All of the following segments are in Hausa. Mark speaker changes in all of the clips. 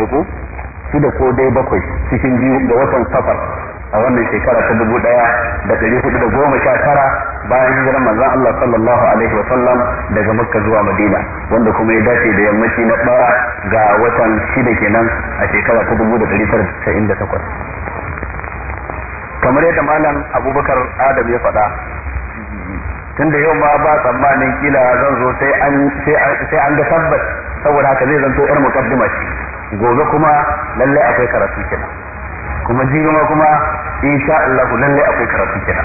Speaker 1: ne su da ko dai bakwai cikin biyu da watan safar a wannan shekara ta dubu daya da ɗari hudu da goma sha tara bayan hijirar manzon Allah sallallahu alaihi wa sallam daga Makka zuwa Madina wanda kuma ya dace da yammaci na ɗara ga watan shida kenan a shekara ta dubu da ɗari tara da takwas. kamar yadda malam Abubakar Adam ya faɗa tunda yau ma ba tsammanin kila zan zo sai an ga tabbas saboda haka zai zanto yar muqaddima ce gobe kuma lallai akwai karatu kina kuma jirima kuma insha Allah lallai akwai karatu kina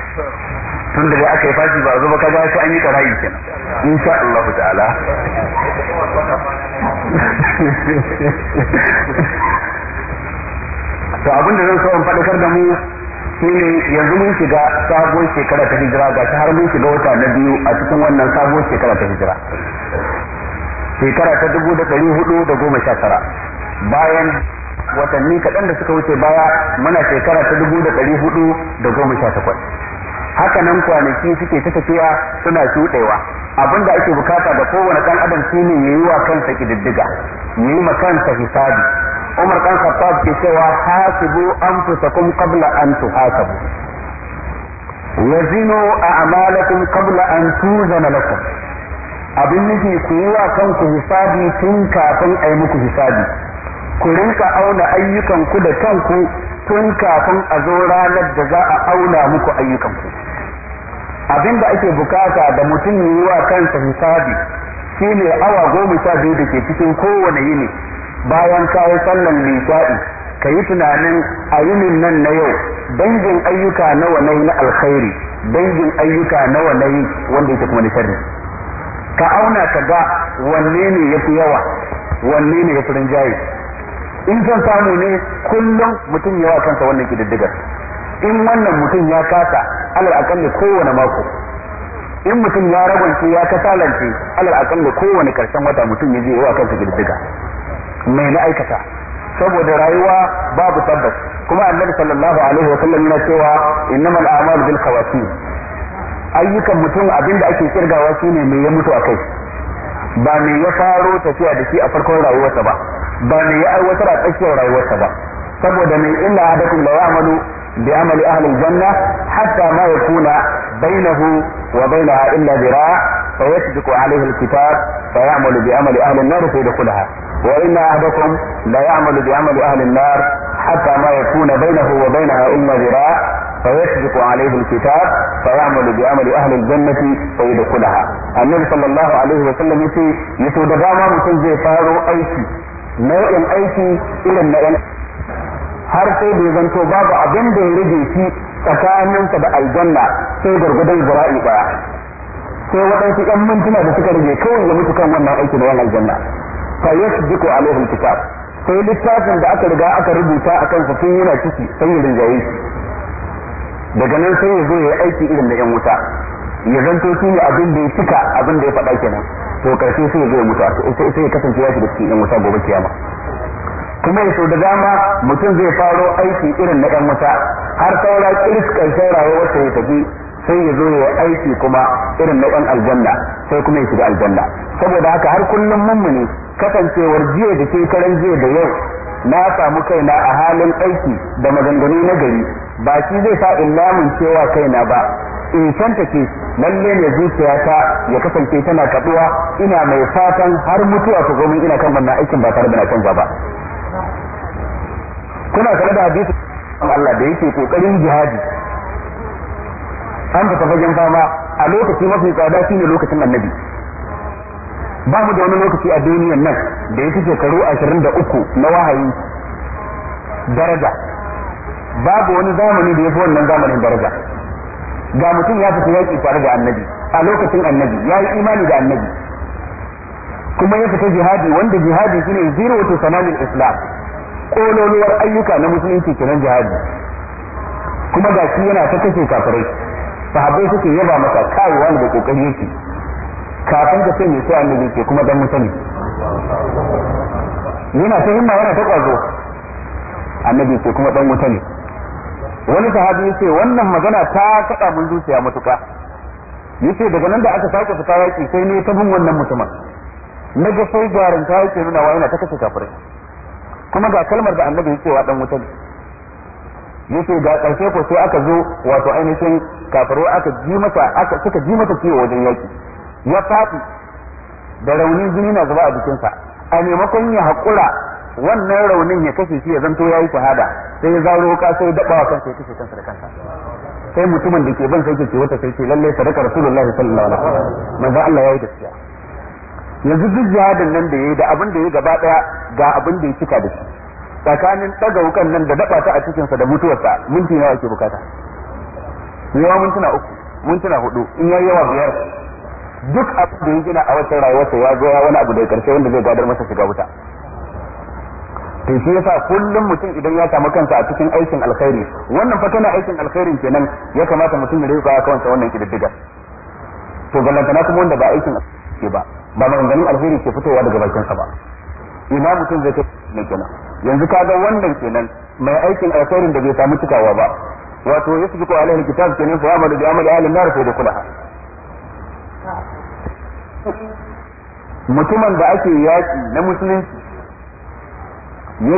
Speaker 1: tun da aka yi fashi ba zuba kaga sai an yi karayi kina insha Allah ta'ala to abinda zan so in faɗakar da mu shine yanzu mun shiga sabuwar shekara ta hijira ga har mun shiga wata na biyu a cikin wannan sabuwar shekara ta hijira shekara ta dubu da ɗari hudu da goma sha tara bayan watanni kaɗan da suka wuce baya muna shekara ta dubu da ɗari hudu da goma sha takwas haka nan kwanaki suke ta tafiya suna shuɗewa abin da ake bukata da kowane ɗan adam ne ya yi wa kansa ya yi ma kansa hisabi Umar ɗan Khattab ke cewa hasibu anfusakum qabla an tuhasabu a amalakun qabla an tuzana lakum abin nufi ku yi wa kanku hisabi tun kafin a yi muku hisabi ku rinka auna ayyukanku da kanku tun kafin a zo ranar da za a auna muku ayyukanku abin da ake bukata da mutum yi wa kansa hisabi ne awa goma sha biyu da ke cikin kowane yini bayan kawo sallan nisa'i ka yi tunanin a yinin nan na yau dangin ayyuka nawa na yi na alkhairi dangin ayyuka nawa na yi wanda yake kuma na ka auna ka ga wanne ne ya fi yawa wanne ne ya fi rinjaye in zan samu ne kullum mutum yawa kansa wannan kididdigar in wannan mutum ya kasa alal akalli kowane mako in mutum ya ragance, ya kasalance alal akalli kowane karshen wata mutum ya je yawa kansa kididdiga mai na aikata saboda rayuwa babu tabbas kuma annabi sallallahu alaihi wa sallam yana cewa innamal a'malu bil khawatim ayyukan mutum abinda ake kirgawa shine me ya mutu akai ba me ya faro tafiya da shi a farkon rayuwarsa ba ba ne ya aiwatar a tsakiyar rayuwarsa ba saboda mai illa da ahadakum la ya'malu bi amali ahli janna hatta ma ya kuna bainahu wa bainaha illa zira' fa yasbiqu alaihi alkitab fa ya'malu bi amali ahli an-nar fa yadkhulaha wa inna ahadakum la ya'malu bi amali ahli an-nar hatta ma yakuna bainahu wa bainaha illa zira' فيسبق عليه الكتاب فيعمل بعمل اهل الجنة فيدخلها النبي صلى الله عليه وسلم يسي يسود داما متن زي فارو ايكي nau'in aiki irin na yan har sai bai zanto babu abin da ya rage shi tsakaninsa da aljanna sai gurgudan zura'i ba sai waɗansu 'yan mintuna da suka rage kawai ya mutu kan wannan aiki da yan aljanna fa yasbiqu alaihi alkitab sai littafin da aka riga aka rubuta a kansa tun yana ciki sai ya rinjaye shi daga nan sai ya zo ya yi aiki irin na yan wuta ya zanto shi ne abin da ya cika abin da ya faɗa kenan to karshe sai ya zo sai ya kasance ya shiga cikin yan wuta gobe kiyama kuma ya da dama mutum zai faro aiki irin na yan wuta har saura kiris karshen rayuwarsa ya tafi sai ya zo ya aiki kuma irin na yan aljanna sai kuma ya shiga aljanna saboda haka har kullum mummuni kasancewar jiya da shekaran jiya da yau na samu kaina a halin aiki da maganganu na gari ba shi zai sa illamin cewa kaina ba in san ke lalle ne zuciyata ya kasance tana kaduwa ina mai fatan har mutuwa ta gomin ina kan wannan aikin ba tare da na canza ba kuna kare da hadisi Allah da yake kokarin jihadi an fita fagen fama a lokaci mafi tsada shine lokacin annabi ba mu da wani lokaci a duniyar nan da ya shekaru ashirin da uku na wahayi daraja babu wani zamani da ya fi wannan zamanin daraja ga mutum ya fita yaƙi tare da annabi a lokacin annabi ya yi imani da annabi kuma ya fita jihadi wanda jihadi shine zero to samalin islam kololuwar ayyuka na musulunci kenan jihadi kuma ga shi yana ta kashe kafirai sahabbai suke yaba masa kai wani da kokari yake kafin ka sanya sai annabi ke kuma dan musani yana ta himma yana ta kwazo annabi ke kuma dan mutane wani sahabi yace wannan magana ta kada mun zuciya matuka yace daga nan da aka sake fita yaki sai ne ta bin wannan mutumin na ga sai garin ta yake nuna wa yana ta kashe kafirai kuma ga kalmar da annabi ya wa dan wuta yace ga karshe ko sai aka zo wato ainihin kafirai aka ji mata aka suka ji mata ciwo wajen yaki ya fadi da raunin jini na zuba a jikinsa a maimakon ya haƙura wannan raunin ya kashe shi ya zanto yayi shahada sai ya zaro ka sai ya daba kansa ya kashe kansa da kansa sai mutumin da ke ban sai ke wata sai ce lalle sadaka rasulullahi sallallahu alaihi wasallam manzo Allah yayi gaskiya yanzu duk jihadin nan da yayi da abin da yayi gaba daya ga abin da ya cika da shi tsakanin daga wukan nan da daba ta a cikin sa da mutuwarsa minti nawa ake bukata yawa mintuna uku mintuna hudu in yayi yawa biyar duk abin da ya gina a wata rayuwarsa ya zo ya wani abu da ya karshe wanda zai gadar masa shiga wuta to shi yasa kullum mutum idan ya samu kansa a cikin aikin alkhairi wannan fa kana aikin alkhairi kenan ya kamata mutum ya rika kawai sa wannan kididdiga to kana kuma wanda ba aikin ke ba ba maganganun alkhairi ke fitowa daga bakin sa ba ina mutum zai kai ne kenan yanzu kaga wannan kenan mai aikin alkhairin da bai samu cikawa ba wato ko alaihi kitab kenan fa amalu bi amali ahli nar fa yadkhulaha mutumin da ake yaki na musulunci ya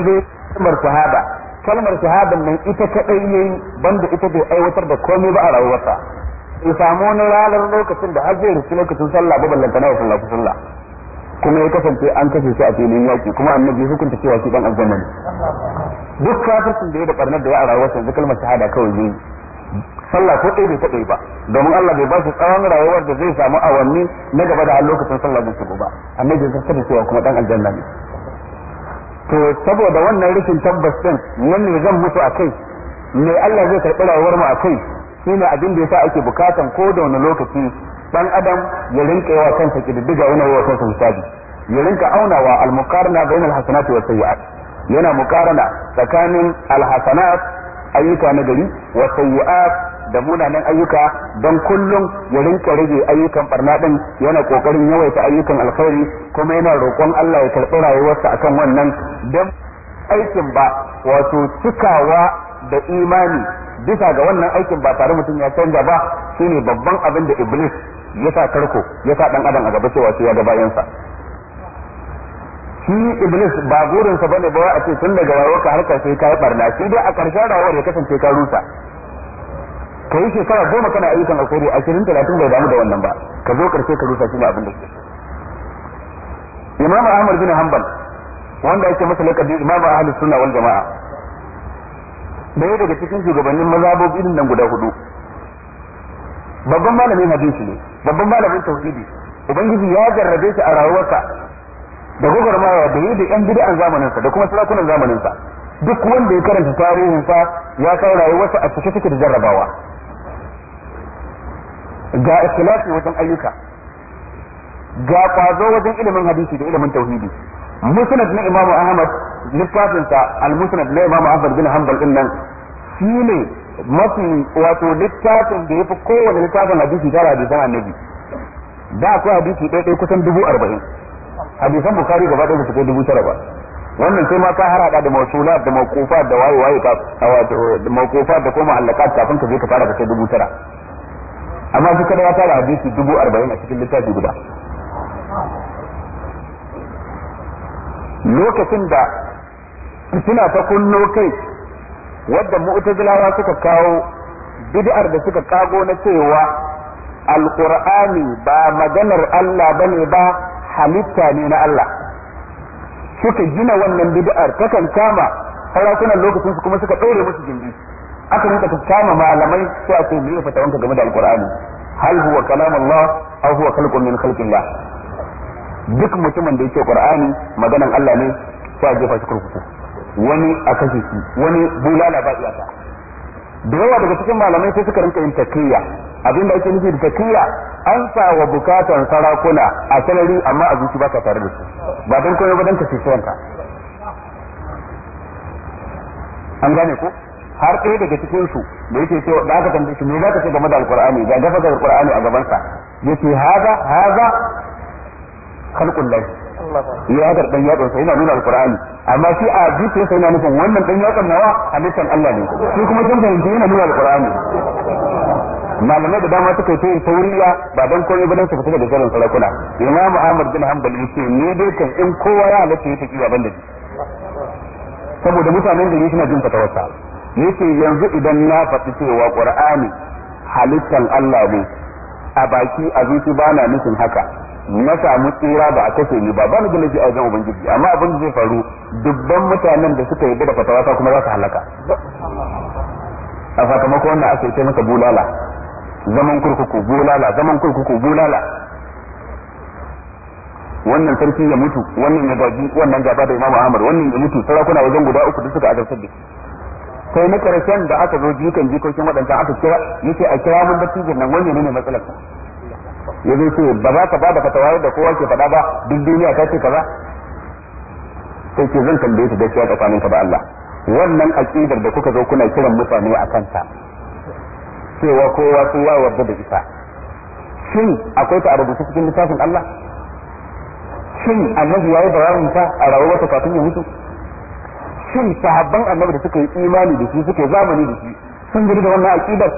Speaker 1: kalmar shahada kalmar shahadan nan ita kadai yayi banda ita bai aiwatar da komai ba a rayuwarsa ya samu wani ranar lokacin da har zai rufe lokacin sallah ba ballanta na sallah sallah kuma ya kasance an kashe shi a filin yaki kuma annabi hukunta cewa shi dan aljanna ne duk kafircin da ya da barnar da ya ara wasu yanzu kalmar shahada kawai ne sallah ko ɗaya bai taɓa ba domin Allah bai ba shi tsawon rayuwar da zai samu awanni na gaba da lokacin sallah da shigo ba annabi ya kasance cewa kuma dan aljanna ne to saboda wannan rashin tabbas din ne zan mutu a kai me Allah zai karɓi rayuwar mu a kai shine abin da yasa ake bukatan ko da wani lokaci dan adam ya rinka yawa kansa kididdiga yana yawa kansa misali ya rinka aunawa al-muqarna bainal hasanati was sayyi'at yana mukarana tsakanin al-hasanat ayyuka na gari wa sayyi'at da munanan ayyuka don kullum ya rinka rage ayyukan barna din yana kokarin yawaita ayyukan alkhairi kuma yana roƙon Allah ya karɓi rayuwarsa akan wannan dan aikin ba wato cikawa da imani bisa ga wannan aikin ba tare mutum ya canza ba shine babban abin da iblis ya sa karko ya sa dan adam a gaba cewa ya ga bayansa shi iblis ba burinsa bane ba a ce tun daga rayuwarka har karshe kai barna shi dai a karshen rayuwar ya kasance ka rusa ka yi shekara goma kana ayyukan alkhairi ashirin talatin bai damu da wannan ba ka zo karshe ka rusa shi ne abin da ke imam ahmad bin hanbal wanda ake masa lakabi imam ahlus sunna wal jamaa daya daga cikin shugabannin mazhabobi din nan guda hudu babban malamin hadisi ne babban malamin tauhidi ubangiji ya jarrabe shi a rayuwarsa da gwagwarmaya da yi da yan bid'an zamaninsa da kuma sarakunan zamaninsa duk wanda ya karanta tarihinsa ya kai rayuwarsa a cike take da jarrabawa ga ikhlasi wajen ayyuka ga kwazo wajen ilimin hadisi da ilimin tauhidi musnad na imamu ahmad littafin sa al musnad na imamu ahmad bin hanbal din nan shine mafi wato littafin da yafi kowane littafin hadisi tara hadisan annabi da akwai hadisi ɗaya ɗaya kusan dubu arba'in hadisan bukari gaba ɗaya su kai dubu tara ba wannan sai ma ka harada da mausula da mawqufa da waye waye ka wato da mawqufa da kuma allakat kafin ka je ka fara ka kai dubu tara amma shi kada ya tara hadisi dubu arba'in a cikin littafi guda lokacin da suna ta kunno kai wadda mu'tazilawa suka kawo bid'ar da suka kago na cewa alqur'ani ba maganar Allah bane ba halitta ne na Allah suka gina wannan bid'ar takan kama sarakunan lokacin su kuma suka ɗaure musu gindi aka rinka kama malamai sai a ce me wanka game da alqur'ani hal huwa kalam Allah aw huwa khalqun min khalqillah duk mutumin da yake qur'ani maganan Allah ne sai a jefa shi kurkuku wani a kashe shi wani bulala ba iyaka da yawa daga cikin malamai sai suka rinka yin takiyya abinda ake nufi da takiyya an sa wa bukatan sarakuna a sarari amma a zuci baka tare da su ba don koyo ba don ka ce an gane ko har ɗaya daga cikin su da yake cewa da aka tambaye shi me zaka ce game da alqur'ani ga gafa ga alqur'ani a gaban sa yace haza haza khalqul lahi ya hadar dan sa yana nuna alqur'ani amma shi a zuciyarsa yana nufin wannan dan yatsan nawa halittan Allah ne shi kuma kin fahimci yana nuna alqur'ani malamai da dama suka ce tauriya ba dan komai ba dan su fita daga garin sarakuna imam ahmad bin hanbal yace ni dai kan in kowa ya halatta yake kiyaye ban da saboda mutanen da yake suna jin fatawarsa yake yanzu idan na faɗi cewa ƙur'ani halittan Allah ne a baki a zuci ba na nufin haka na samu tsira ba a kashe ni ba ba ni shi a wajen ubangiji amma abin da zai faru dubban mutanen da suka yarda da fatawa ta kuma za su halaka a sakamakon wanda aka yi maka bulala zaman kurkuku bulala zaman kurkuku bulala wannan sarki ya mutu wannan ya gaji wannan gaba da imamu ahmad wannan ya mutu sarakuna wajen guda uku da suka azabtar da shi sai na karshen da aka zo jikan jikokin waɗancan aka kira yace a kira mun dattijin nan wani ne matsalar ya zo ce ba za ka ba da fatawa da kowa ke faɗa ba duk duniya ta ce kaza sai ke zan tambaye ka gaskiya tsakanin ka da Allah wannan aqidar da kuka zo kuna kiran mutane a kanta cewa kowa sun ya wadda da isa shin akwai ta a rubuce cikin littafin Allah shin annabi yayi bayanin ta a rawar rayuwarsa kafin ya mutu mutum sahabban annabi da suka yi imani da shi suka yi zamani da shi sun gudu da wannan aqidar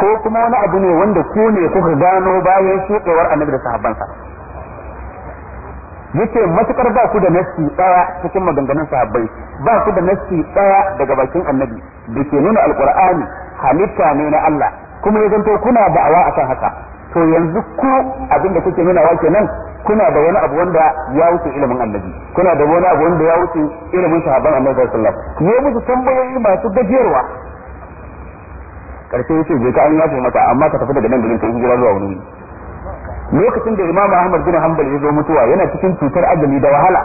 Speaker 1: ko kuma wani abu ne wanda ko ne kuka gano bayan shekewar annabi da sahabbansa yace matukar ba ku da nassi daya cikin maganganun sahabbai ba ku da nassi daya daga bakin annabi dake nuna alqur'ani halitta ne na Allah kuma ya zanto kuna da'awa akan haka to yanzu ku abin da kuke nuna wa kenan kuna da wani abu wanda ya wuce ilimin annabi kuna da wani abu wanda ya wuce ilimin sahabban annabi sallallahu alaihi wasallam yayi musu tambayoyi masu gajiyarwa karshe yace je ka an yafe maka amma ka tafi daga nan garin ka hijira zuwa wani lokacin da Imam Ahmad bin Hanbal ya zo mutuwa yana cikin cutar azumi da wahala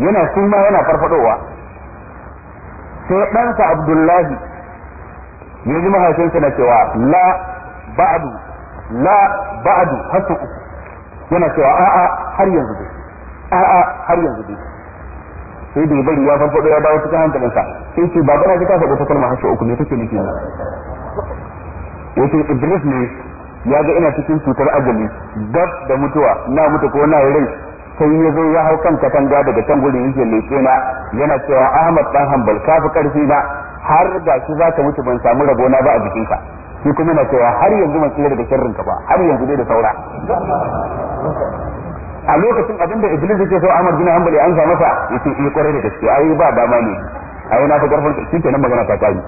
Speaker 1: yana suma yana farfadowa sai ɗansa Abdullahi ya ji mahaifinsa na cewa la ba'du la ba'du hasu uku yana cewa a'a har yanzu dai a'a har yanzu dai sai da bari ya farfado ya dawo cikin hankalinsa sai ce ba kana ji ka faɗo ta kalma uku ne take nufi ne yace iblis ne ya ga ina cikin cutar ajali gab da mutuwa na mutu ko na rai sai ya zo ya hau kan katanga daga can gudun yake leke na yana cewa Ahmad dan Hanbal kafi karfi na har da shi zaka mutu ban samu rabona ba a jikinka shi kuma na cewa har yanzu ban tsira daga sharrin ka ba har yanzu dai da saura a lokacin abinda iblis yake so Ahmad bin Hanbali an sa masa yace yi eh, kwarai da gaske ai ba dama ne ai na fi karfin ka shikenan magana ta kai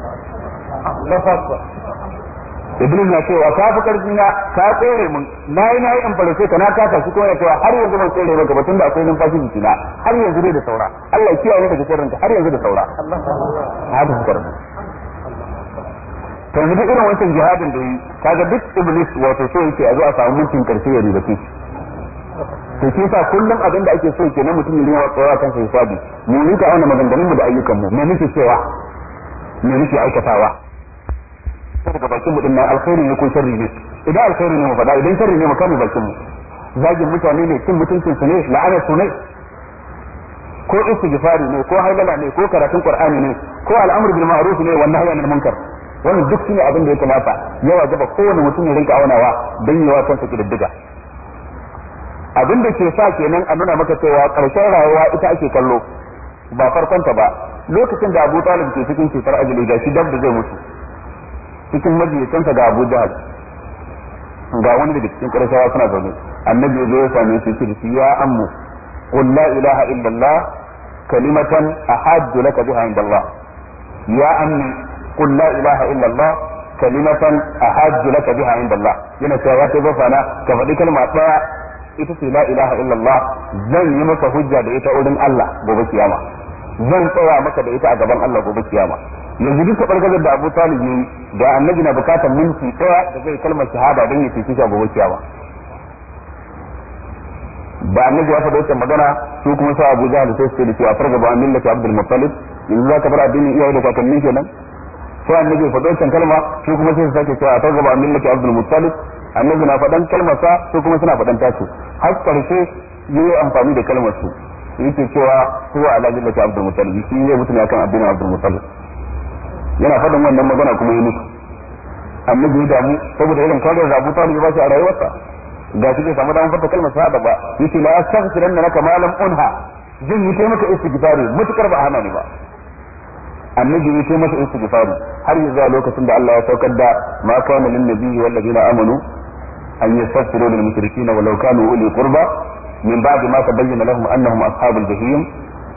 Speaker 1: Iblis na cewa ka fi karfi na ka tsere mun nayi nayi in farce ka ta kasa shi kuma ya har yanzu ban tsere maka ba tunda akwai numfashi jiki na har yanzu dai da saura Allah ya kiyaye maka sharrin ka har yanzu da saura Allah ya to yanzu duk irin wancan jihadin da yi kaga duk iblis wato so yake a zo a samu mulkin karshe ya ribace ke to shi sa kullum abin da ake so ke na mutum ya riwa a kansa hisabi mu ne ka auna maganganun mu da ayyukan mu me cewa me muke aikatawa daga bakin mu din nan alkhairi ne ko sharri ne idan alkhairi ne mu faɗa idan sharri ne mu kama bakin mu zagin mutane ne cin mutuncin su ne la'ana su ne ko istighfari ne ko hailala ne ko karatun qur'ani ne ko al'amru bil ma'ruf ne wannan hayanin munkar wannan duk shine abin da ya kamata ya wajaba kowane mutum ya rinka aunawa don yawa da kididdiga abin da ke sa kenan a nuna maka cewa karshen rayuwa ita ake kallo ba farkonta ba lokacin da Abu Talib ke cikin cutar ajali gashi da zai mutu cikin majalisansa ga Abu jihar ga wani daga cikin karshawa suna zaune annabi ya zo ya same shi shi ya ammu qul la ilaha illallah kalimatan ahaddu laka biha indallah ya ammi qul la ilaha illa allah kalimatan ahajju laka biha inda allah yana cewa ya kai bafana ka faɗi kalma ɗaya ita ce la ilaha illallah zan yi maka hujja da ita wurin allah gobe kiyama zan tsaya maka da ita a gaban allah gobe kiyama yanzu duka bargazar da Abu Talib yayi da annabi na bukatar minti ɗaya da zai kalmar shahada don ya cece shi gobe kiyama da annabi ya faɗa wata magana su kuma sa abuja da sai su ce da cewa fargaba millati abdul muttalib yanzu za ka bar addinin iyaye da kakanni kenan sai annabi faɗo wancan kalma su kuma sai su sake cewa ta gaba millati abdul muttalib annabi na faɗan kalmar sa su kuma suna faɗan tasu har karshe yayi amfani da kalmar su yake cewa huwa ala millati abdul muttalib shi ne mutum ya akan addinin abdul muttalib yana faɗin wannan magana kuma yi musu annabi ya damu saboda irin kwarin da Abu Talib ba shi a rayuwarsa ga shi zai samu damar fata kalmar sa da ba yace la astaghfiranna laka ma lam unha jin yi taimaka istighfari mutukar ba hana ni ba annabi ya ce masa istighfari har zuwa lokacin da Allah ya saukar da ma kana lin nabi wal ladina amanu an yastaghfiru lil mushrikin walau kanu uli qurba min ba'di ma tabayyana lahum annahum ashabul jahim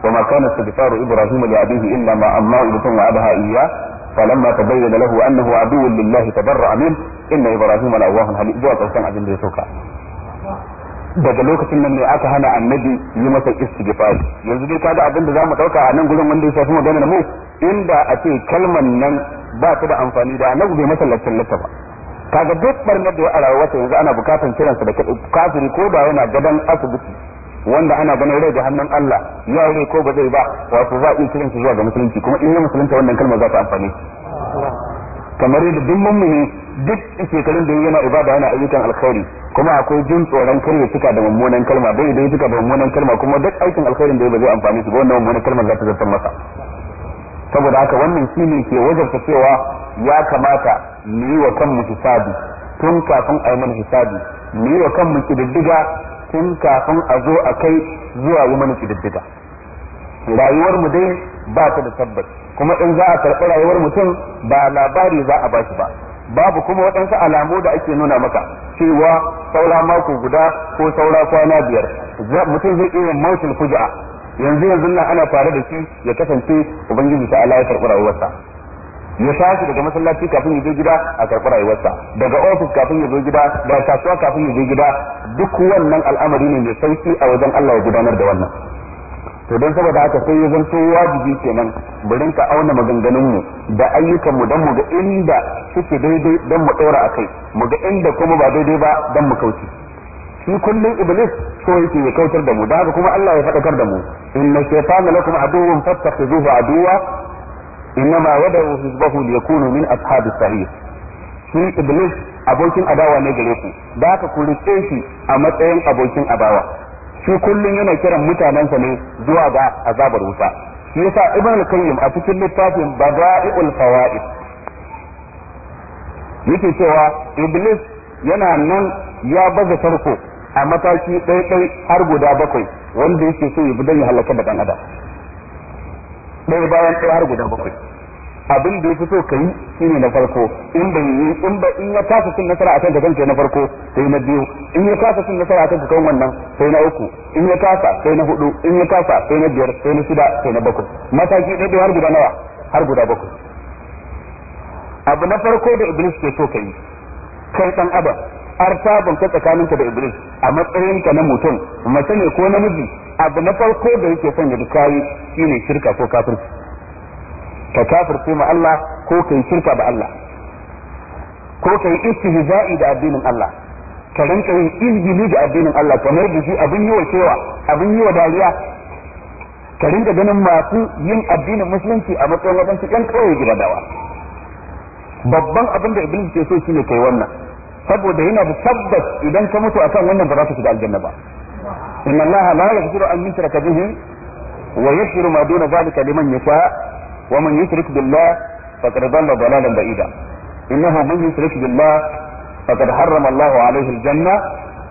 Speaker 1: وما كان استغفار ابراهيم لابيه الا ما اماه ثم وعدها اياه فلما تبين له انه عدو لله تبرأ منه ان ابراهيم لاواه حليم ذو قوسين عبد الله daga lokacin nan ne aka hana annabi yi masa istighfar yanzu dai kaga abin da zamu dauka a nan gurin wanda ya shafi maganar mu inda a ce kalman nan ba ta da amfani da annabi bai masa lallata ba kaga duk barnar da ya arawa ta yanzu ana bukatan kiransa da kafiri ko ba yana gadan asibiti wanda ana ganin rai da hannun Allah ya rai ko ba zai ba wato za a iya kiransa zuwa ga musulunci kuma in ya musulunta wannan kalmar za ta amfani. kamar yadda duk mummuni duk shekarun da yana ibada yana ayyukan alkhairi kuma akwai jin tsoron kar cika da mummunan kalma dai idan ya cika da mummunan kalma kuma duk aikin alkhairin da ba zai amfani su ba wannan mummunan kalma za ta zartar masa saboda haka wannan shi ne ke wajabta cewa ya kamata mu yi wa kanmu hisabi tun kafin a yi mana hisabi mu yi wa kanmu kididdiga tun kafin a zo a kai zuwa yi mana kididdiga rayuwar mu dai ba ta da tabbas kuma in za a karɓi rayuwar mutum ba labari za a ba shi ba babu kuma waɗansu alamu da ake nuna maka cewa saura mako guda ko saura kwana biyar mutum zai iya mautul fuja'a yanzu yanzu nan ana fara da shi ya kasance ubangiji ta Allah ya karɓi rayuwarsa ya tashi daga masallaci kafin ya zo gida a karɓi rayuwarsa daga ofis kafin ya zo gida daga kasuwa kafin ya zo gida duk wannan al'amari ne mai sauki a wajen Allah ya gudanar da wannan to don saboda haka sai ya zanto wajibi kenan mu rinka auna maganganun mu da ayyukan mu dan mu ga inda suke daidai dan mu daura akai mu ga inda kuma ba daidai ba dan mu kauce shi kullun iblis so yake ya kautar da mu da haka kuma Allah ya fadakar da mu inna shaytana lakum aduwwun fattakhizuhu aduwwa innama yad'u hizbahu liyakunu min ashabis sahih shi iblis abokin adawa ne gare ku da haka ku rike shi a matsayin abokin adawa shi kullum yana kiran mutanensa ne zuwa ga azabar wuta shi yasa ibn al-qayyim a cikin littafin bada'iul fawaid yake cewa iblis yana nan ya baza tarko a mataki ɗaiɗai har guda bakwai wanda yake so ya bi don ya halaka da ɗan adam ɗaya bayan ɗaya har guda bakwai abin da fi so ka yi shine na farko in bai yi in ba in ya kasa cin nasara akan ka kanka na farko sai na biyu in ya kasa cin nasara kan ka kan wannan sai na uku in ya kasa sai na hudu in ya kasa sai na biyar sai na shida sai na bakwai mataki ɗaya har guda nawa har guda bakwai abu na farko da iblis ke so ka yi kai dan adam artabun ka tsakaninka da iblis a matsayinka na mutum mace ne ko namiji abu na farko da yake son ya kayi shine shirka ko kafirci ka kafirce ma Allah ko kai shirka da Allah ko kai istihza'i da addinin Allah ka rinka yin izgili da addinin Allah kamar da shi abin yi wa cewa abin yi wa dariya ka rinka ganin masu yin addinin musulunci a matsayin waɗansu ƴan kawai dawa. babban abin da iblis ke so shine kai wannan saboda yana da tabbas idan ka mutu akan wannan ba za ka shiga aljanna ba inna allaha la yaghfiru an yushraka bihi wa yaghfiru ma duna zalika liman yasha ومن يشرك بالله فقد ضل ضلالا بعيدا إنه من يشرك بالله فقد حرم الله عليه الجنة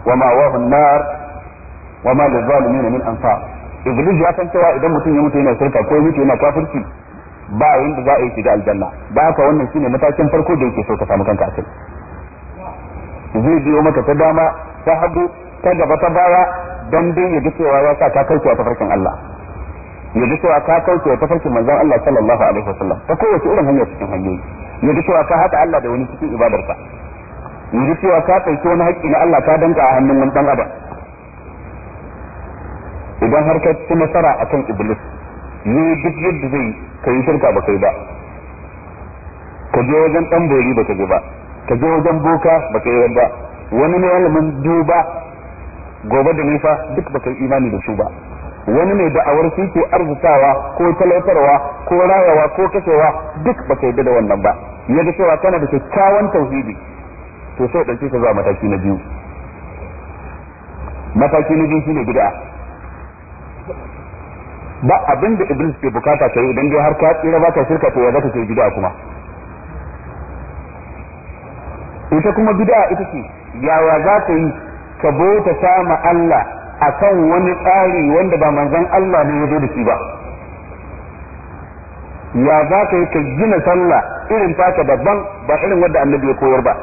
Speaker 1: ومأواه النار وما للظالمين من أنصار Iblis ya san cewa idan mutum ya mutu yana shirka ko mutu yana kafirci ba yanda za a yi shiga aljanna ba haka wannan shine matakin farko da yake so ka samu kanka a zai biyo maka ta dama ta hagu ta gaba ta baya don dai ya ga cewa ya sa ka kauce ta farkin Allah ya ji cewa ka kauce wa tafarkin manzon Allah sallallahu alaihi wasallam ta kowace irin hanya cikin hanyoyi ya ji cewa ka haka Allah da wani cikin ibadarsa. ya ji cewa ka ɗauki wani haƙƙi na Allah ka danka a hannun wani ɗan adam idan har ka ci nasara kan iblis ne duk yadda zai ka yi shirka ba kai ba ka je wajen ɗan bori ba ka je ba ka je wajen boka ba ka yi ba wani malamin duba gobe da nufa duk ba ka yi imani da su ba wani mai da'awar shi ke arzikawa ko talautarwa ko rayawa ko kashewa duk ba ka yi da wannan ba ya ga cewa kana da kyakkyawan tauhidi to sai ɗauke ka zuwa mataki na biyu mataki na biyu shine bid'a ba abin da iblis ke bukata kai idan dai har ka tsira ba ka shirka to ya zaka kai bid'a kuma ita kuma bid'a ita ce yawa za ka yi ka bauta ta Allah akan wani tsari wanda ba manzan Allah ne ya zo da shi ba ya za ka yi ka gina sallah irin taka babban ba irin wadda annabi ya koyar ba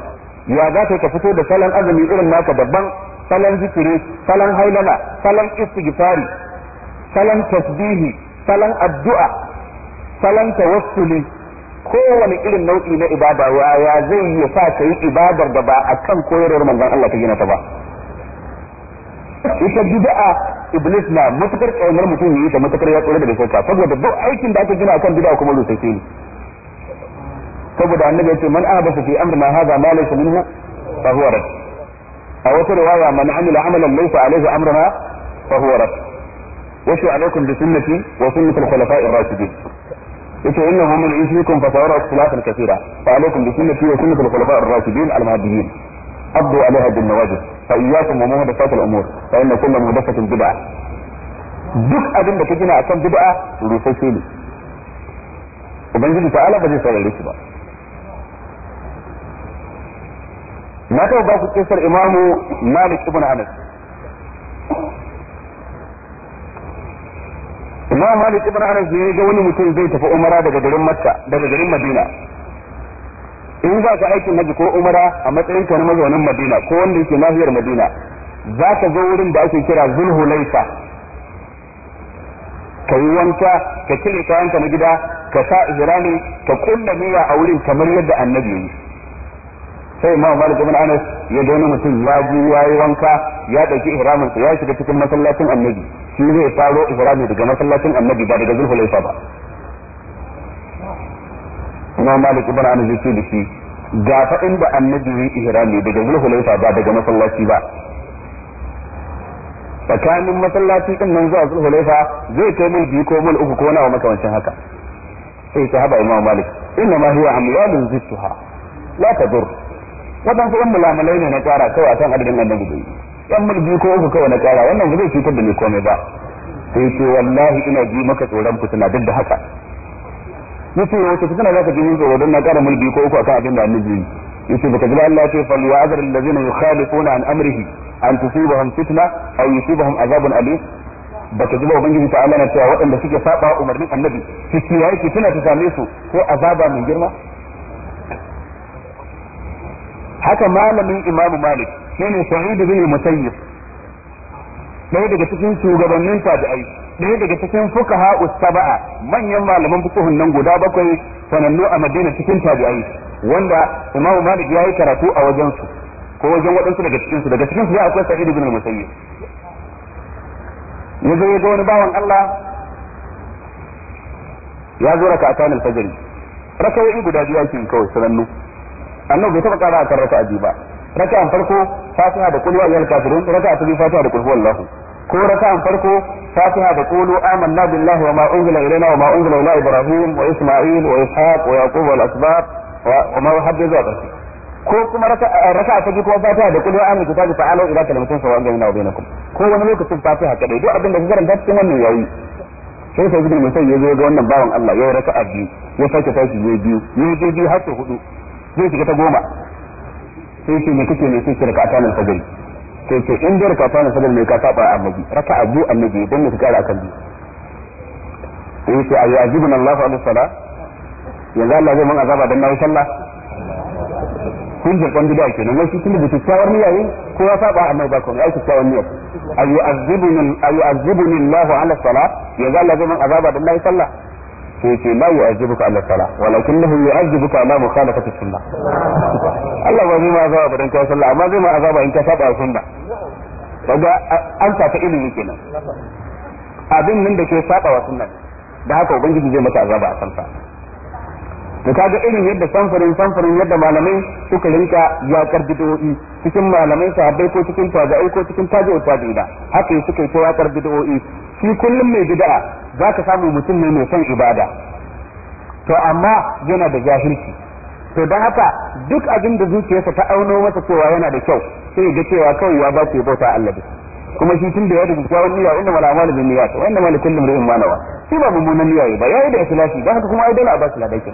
Speaker 1: ya za ka yi ka fito da salon azumi irin naka babban salon zikiri salon hailala salon istighfari salon tasbihi salon addu'a salon tawassuli kowane irin nau'i na ibada ya zai yi sa ka yi ibadar da ba a kan koyarwar manzan Allah ka gina ta ba ita bid'a iblis na matukar kaunar mutum yayi ta matukar ya tsore daga shirka saboda duk aikin da ake gina akan bid'a kuma rusace ne saboda annabi yace man ahdatha fi amrina hadha ma laysa minhu fa huwa rad a wata riwaya man amila amalan laysa alayhi amruna fa huwa rad wasu alaikum bi sunnati wa sunnati al-khulafa'i ar-rashidin yace innahu min yusikum fa sawara ikhtilafan kathira fa alaikum bi sunnati wa sunnati al-khulafa'i ar-rashidin al-mahdiyyin abdu alaiha bin nawajib فإياكم ومحدثات الأمور فإن كل محدثة بدعة duk abin da ka gina akan bid'a rusasshe ne ubangiji ta'ala ba zai saurare shi ba na taɓa ba ku kisar imamu malik ibn anas imam malik ibn anas ne ga wani mutum zai tafi umara daga garin makka daga garin madina in za ka aikin haji ko umara a matsayin ka na mazaunin madina ko wanda yake nahiyar madina za ka zo wurin da ake kira zulhulaifa ka yi wanka ka cire kayanka na gida ka sa ihrami ka kulla niyya a wurin kamar yadda annabi yi sai ma malik ibn anas ya ga mutum ya ji yayi wanka ya dauki ihramin sa ya shiga cikin masallacin annabi shi zai faro ihrami daga masallacin annabi ba daga zulhulaifa ba imam malik ibn anas yake da shi ga fa inda annabi yi ihrami daga zulhulaifa ba daga masallaci ba tsakanin masallaci din nan zuwa zulhulaifa zai kai mil biyu ko mil uku ko nawa makamancin haka sai ta haba imam malik inna ma huwa amwalun zittuha la tadur wadan mu mulamalai ne na kara kawai akan adadin annabi bai yan mil biyu ko uku kawai na kara wannan zai cutar da ni komai ba sai ce wallahi ina ji maka tsoron fitina duk da haka yace wace fitina za ka ji tsoro don na kara mulki ko uku akan abin da annabi yi yace baka ji Allah ce fal ya'zar allazina yukhalifuna an amrihi an tusibahum fitna aw yusibahum azabun alim baka ji ba ubangiji ta amana cewa waɗanda suke saba umarnin annabi su kiyaye fitina ta same su ko azaba mai girma haka malamin imamu malik shine sa'id bin musayyib ɗaya daga cikin shugabannin tabi'ai ɗaya daga cikin fuka ha'us saba'a manyan malaman fukuhun nan guda bakwai sanannu a madina cikin tabi'ai wanda imam malik ya yi karatu a wajensu ko wajen waɗansu daga cikinsu daga cikinsu ya akwai sa'idu bin musayyib ya zo ya ga wani bawan Allah ya zo raka akan alfajr rakawoyi guda biyu ake kawai sanannu annabi bai taɓa ƙara akan raka'a biyu ba raka'an farko fatiha da kulwa ya kafirun raka'a ta biyu fatiha da kulhu wallahu ko raka'an farko fatiha da qulu amanna billahi wa ma unzila ilaina wa ma unzila ila ibrahim wa isma'il wa ishaq wa yaqub wal asbab wa ma hadda zuwa ko kuma eh, raka'a ta biyu kuma fatiha da qulu amanna kitabi ta'alu ila kalimatin sawa'in bainana wa bainakum ko wani lokacin fatiha kadai duk abin da ka karanta cikin wannan yayi sai sai gidi mutum ya ga wannan bawan Allah ya raka a biyu ya sake tashi ya biyu ya je biyu har hudu zai shiga ta goma sai shi ne kike ne sai shi raka ta nan fajiri sai ce in da ka fara sabar mai ka saba annabi raka'a biyu annabi dan ne ka kara akan biyu sai yace ayu ajibuna Allahu alaihi sala yanzu Allah zai mun azaba dan nayi sallah kun da kan bid'a kenan wai shi tun da kyakkyawar niyya ne ko ya saba annabi ba ko ai kyakkyawar niyya ayu azibuna ayu azibuna Allahu ala sala yanzu Allah zai mun azaba dan nayi sallah sai ce la yu'azzibuka ala sala walakinnahu yu'azzibuka ala mukhalafati sunnah Allah ba zai ma azaba ba dan kai sallah amma zai ma azaba in ka saba sunna kaga an ta ilimi kenan abin nan da ke saba wa sunna da haka ubangiji zai maka azaba a kansa da kaga irin yadda samfurin samfurin yadda malamai suka rinka yakar bid'o'i cikin malamai sahabbai ko cikin tabi'ai ko cikin tabi'u tabi'ina haka suka yi ta yakar bid'o'i shi kullum mai bid'a za ka samu mutum ne mai son ibada to amma yana da jahilci to don haka duk abin da zuciyarsa ta auno masa cewa yana da kyau sai ga cewa kawai ya ba ce bauta Allah da kuma shi tun da ya rubuta wani niyya inda wala amalu bin niyyat wa inna ma likulli imrin ma nawa shi ba mummunan niyya ba yayi da ikhlasi dan haka kuma ai dole a ba shi ladaikin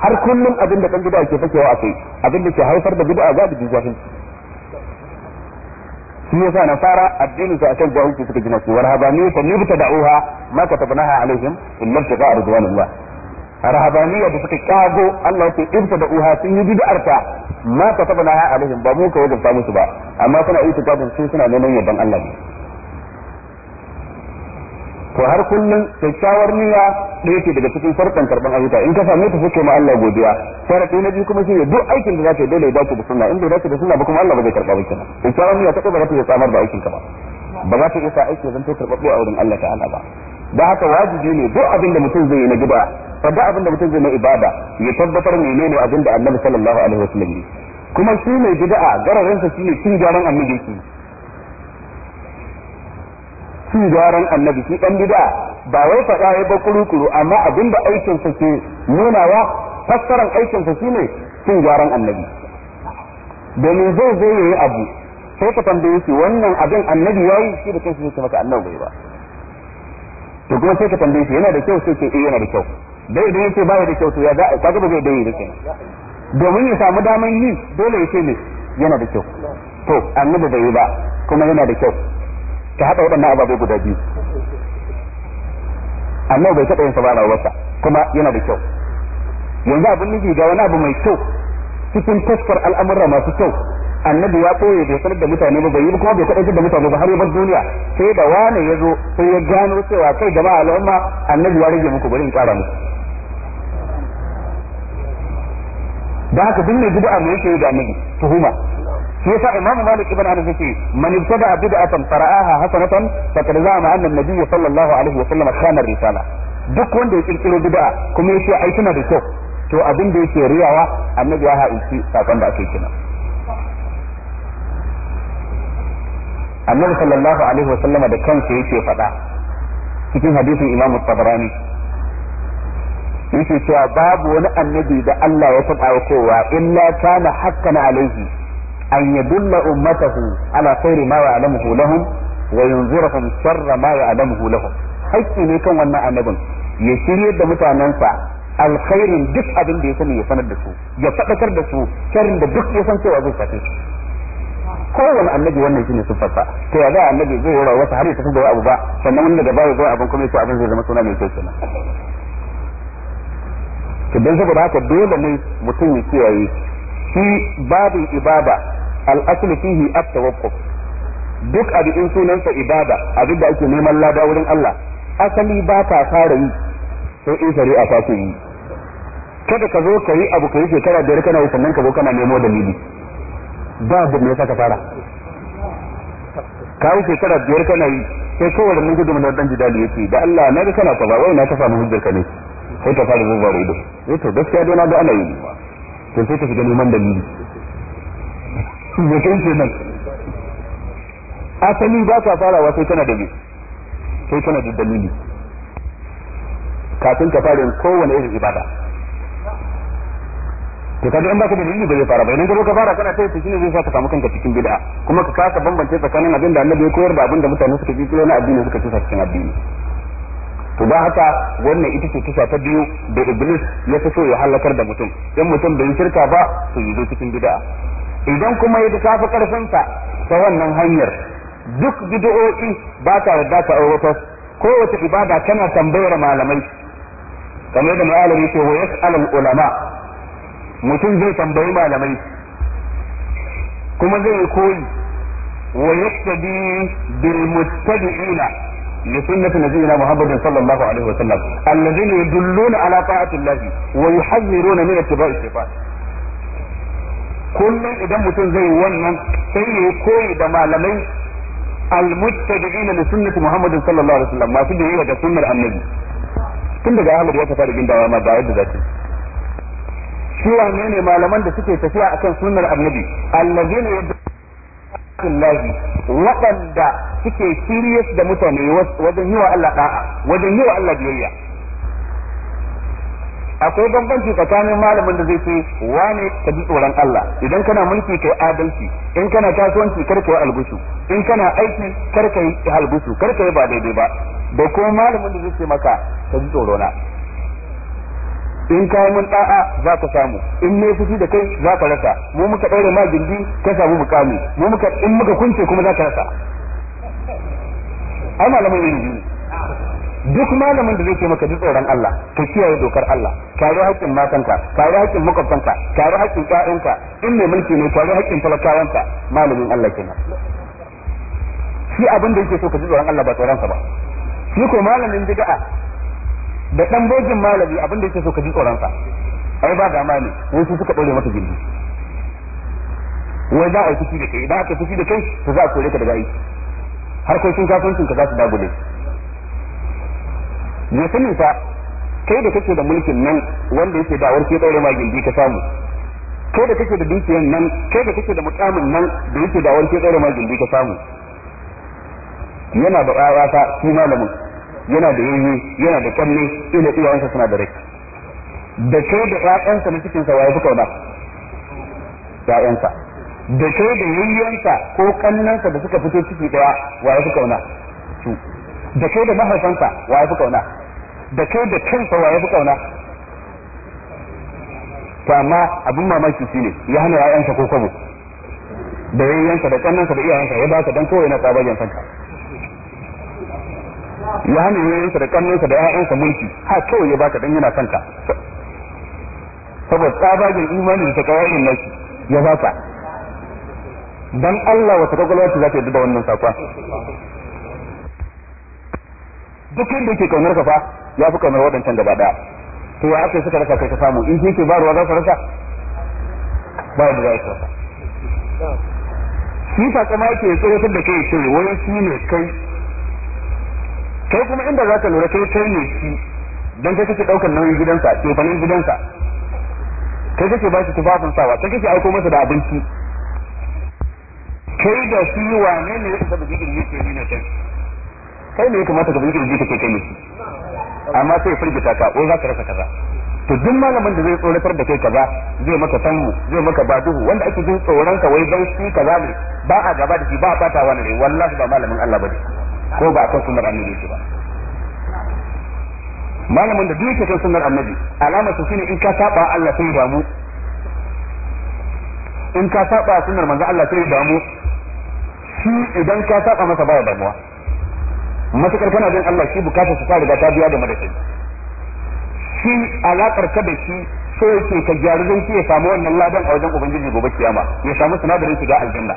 Speaker 1: har kullum abin da kan gida ke fakewa akai abin da ke haifar da bid'a ga da jahilci shi yasa fara addinin su akan jahilci suka gina shi wal habaniya fa da'uha ma katabnaha alaihim illa ibtiga'a ridwanillah rahabaniya da suka kago Allah yake uha sun yi ta ma katabnaha alaihim ba mu ka wajabta musu ba amma suna itikadin su suna neman yaban Allah ko har kullum kyakkyawar niyya ɗaya ce daga cikin farkon karɓar ayyuka in ka same ta fuke ma Allah godiya sharadi na biyu kuma shi ne duk aikin da za yi dole ya dace da sunna in bai dace da sunna ba kuma Allah ba zai karba maka ba kyakkyawar niyya ta ba za ta iya samar da aikin ka ba ba za ta iya sa aiki zan ta karɓaɓɓe a wurin Allah ta'ala ba da haka wajibi ne duk abin da mutum zai yi na gida fa abin da mutum zai na ibada ya tabbatar ne ne abin da Annabi sallallahu alaihi wasallam kuma shi mai bid'a gararin sa shine cin gyaran annabi yake cin gyaran annabi shi dan bid'a ba wai faɗa ya ba kurukuru amma abinda aikin sa ke nunawa fassaran aikin sa shine cin gyaran annabi domin zai zai yayi abu sai ka tambaye shi wannan abin annabi yayi shi da kansa yake maka annabi bai ba to kuma sai ka tambaye shi yana da kyau sai ke eh yana da kyau dai idan yace ba da kyau to ya za a kaga ba zai dai yake domin ya samu daman yi dole ce ne yana da kyau to annabi bai yi ba kuma yana da kyau ta haɗa waɗannan ababai guda biyu amma bai taɓa yin ba wasa kuma yana da kyau yanzu abin nufi ga wani abu mai kyau cikin taskar al'amura masu kyau annabi ya koye bai sanar da mutane ba bai yi kuma bai kaɗaitar da mutane ba har yi bar duniya sai da wane ya zo sai ya gano cewa kai jama'a al'umma annabi ya rage muku bari in ƙara muku da haka duk mai a mai yake yi da annabi tuhuma shi yasa imamu malik ibn anas yace man ibtada bid'atan fara'aha hasanatan faqad za'ama anna an-nabiy sallallahu alaihi wa sallam khana risala duk wanda ya kirkiro bid'a kuma yace ai tana da kyau to abin da yake riyawa annabi ya haɗi sakon da ake kina annabi sallallahu alaihi wa sallama da kansa yake faɗa cikin hadisin imam tabarani yake cewa babu wani annabi da Allah ya taɓa kowa illa kana hakkan alaihi an yadulla ummatahu ala khairi ma ya'lamuhu lahum wa yunzirahum sharra ma ya'lamuhu lahum ne kan wannan annabin ya shirye da mutanensa alkhairin duk abin da ya sani ya sanar da su ya faɗakar da su sharrin da duk ya san kowane annabi wannan shine sifarsa to ya za annabi zai yi wasu har ya tafi gaba abu ba sannan wanda gaba ya zo abin kuma ya abin zai zama suna mai kyau kenan to dan saboda haka dole ne mutum ya kiyaye shi babu ibada al'aslu fihi at-tawakkuf duk abu in sunansa ibada abin da ake neman lada wurin Allah asali ba ka fara yi sai in shari'a ta ce yi kada ka zo ka yi abu ka yi shekara biyar kana yi ka zo kana nemo dalili ba da me yasa ka fara ka yi shekara biyar kana yi sai kowane mun gudu mun dan jidali yake da Allah na ga kana ba wai na ka samu hujjar ka ne sai ka fara zuwa ido eh to gaskiya dai na ga ana yi to sai ka ganin neman dalili ya kai kenan asali ba ka farawa sai kana da me sai kana da dalili kafin ka fara kowane irin ibada to kaga in baka da dalili ba zai fara ba idan ka zo ka fara kana sai to shine zai sa ka samu kanka cikin bid'a kuma ka kasa bambance tsakanin abin da Annabi ya koyar da abin da mutane suka kiro na addini suka ci cikin addini to ba haka wannan ita ce tusa ta biyu da iblis ya fito ya halakar da mutum dan mutum bai shirka ba to yi cikin bid'a idan kuma ya ta fi karfinka ta wannan hanyar duk bid'o'i ba ta yadda ta aiwatar kowace ibada tana tambayar malamai kamar da malami ce wa yas'al ulama mutum zai tambayi malamai kuma zai yi koyi wa yattabi bil muttabi'ina li sunnati nabiyina muhammadin sallallahu alaihi wa sallam alladhina yadulluna ala ta'ati llahi wa yuhadhiruna min ittiba'i shaytan kullum idan mutum zai wannan sai ya koyi da malamai al almuttabi'ina li sunnati muhammadin sallallahu alaihi wasallam masu da yawa da sunnar annabi tun daga Ahmad ya tafi da gindawa ma ga yadda zaki shi wane ne malaman da suke tafiya akan sunnar annabi allazina yaddullahi waɗanda suke serious da mutane wajen yi wa Allah da'a wajen yi wa Allah biyayya akwai bambanci tsakanin malamin da zai ce wane ka ji tsoron Allah idan kana mulki kai adalci in kana kasuwanci kar kai yi in kana aiki kar kai yi kar kai ba daidai ba da kuma malamin da zai ce maka ka ji tsorona in kai mun da'a za ka samu in ne fushi da kai za ka rasa mu muka daure ma gindi ka samu mukami mu muka in muka kunce kuma za ka rasa ai malamin ne duk malamin da zai ce maka ji tsoron Allah ka kiyaye dokar Allah kare haƙƙin matanka kare haƙƙin makwabtanka kare haƙƙin ƴaƴanka in mai mulki ne kare haƙƙin talakawanka malamin Allah kenan shi abin da yake so ka ji tsoron Allah ba tsoron sa ba shi ko malamin bid'a da dan bogin malami abin da yake so ka ji tsoron sa ai ba dama ne su suka dore maka gindi wai za a yi fushi da kai idan aka fushi da kai to za a kore ka daga aiki har kai harkokin kafancin ka za su dagule mutumin fa kai da kake da mulkin nan wanda yake da warke daure ma gindi ka samu kai da kake da dukiyar nan kai da kake da mukamin nan da yake da warke daure ma gindi ka samu yana da ƴaƴa ta shi malamin yana da yayi yana da kanne iya wanka suna da rai da kai da ƴaƴansa na cikin sa waye fi da ƴaƴansa da kai da yayyansa ko kannansa da suka fito ciki daya waye fi kauna da kai da mahaifansa waye fi kauna da kai da kansa wa ya fi kauna to amma abin mamaki shine ya hana ya'yansa ko kwabo da yayyansa da kannansa da iyayensa ya ba ka dan kowai na tsabagen sanka ya hana yayyansa da kannansa da ya'yansa mulki ha kawai ya ba ka dan yana sanka saboda tsabagen imani da ta kawai nashi ya ka dan Allah wata kwakwalwa za ta yi da wannan sakwa duk yadda yake kaunar ka fa ya fi kamar waɗancan gaba ɗaya to ya aka suka rasa kai ka samu in shi ke ba ruwa za ka rasa ba da za su rasa shi sakama yake tsoratar da kai ce wai shi ne kai kai kuma inda za ka lura kai kai ne shi don kai kake ɗaukar nauyin gidansa tefanin gidansa kai kake ba shi tufafin sawa kai kake aiko masa da abinci kai da shi wane ne ya isa da
Speaker 2: jikin yake ne kai
Speaker 1: kai ne ya kamata ka bi jikin ke kai ne shi amma sai firgita ka o za ka rasa kaza to duk malamin da zai tsoratar da kai kaza zai maka sanmu zai maka baduhu wanda ake jin tsoron ka wai dan shi kaza ne ba a gaba da shi ba a fata wani ne wallahi ba malamin Allah bane ko ba akan sunnar annabi yake ba malamin da duk yake kan sunnar annabi alama su shine in ka saba Allah sai mu in ka saba sunnar manzo Allah sai mu shi idan ka saba masa ya damuwa matukar kana jin Allah shi bukatar su ta riga ta biya da madadin shi alakar ka da shi so yake ka gyaru zan ya samu wannan ladan a wajen ubangiji gobe kiyama ya samu sinadarin shiga aljanna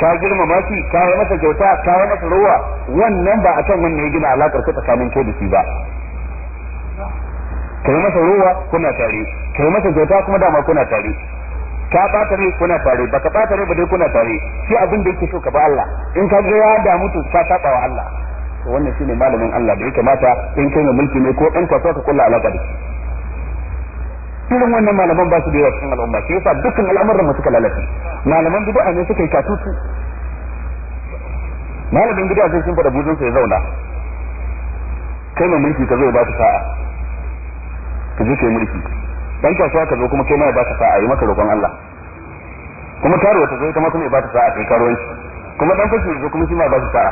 Speaker 1: ka girmama shi ka yi masa kyauta ka yi masa ruwa wannan ba a kan wannan ya gina alakar ka tsakanin kai da shi ba ka yi masa ruwa kuna tare ka yi masa kyauta kuma dama kuna tare ka bata ne kuna tare baka bata ne ba dai kuna tare shi abin da yake so ka ba Allah in ka ga ya damu to ka saba wa Allah to wannan shine malamin Allah da yake mata in kai mai mulki ne ko ka so ka kula alaka da shi irin wannan malaman ba su da yawa al'umma shi yasa dukkan al'amuran mu suka lalace malaman bid'a ne suka yi katutu malamin bid'a sai sun fada buzun sai zauna kai mai mulki ka zo ba ta sa'a ka je kai mulki dan kasuwa ka zo kuma kai ma ya baka sa'a yi maka roƙon Allah kuma karuwa ta zo ita ma kuma ya baka sa'a kai karuwanci kuma dan fashi zo kuma shi ma ka baka sa'a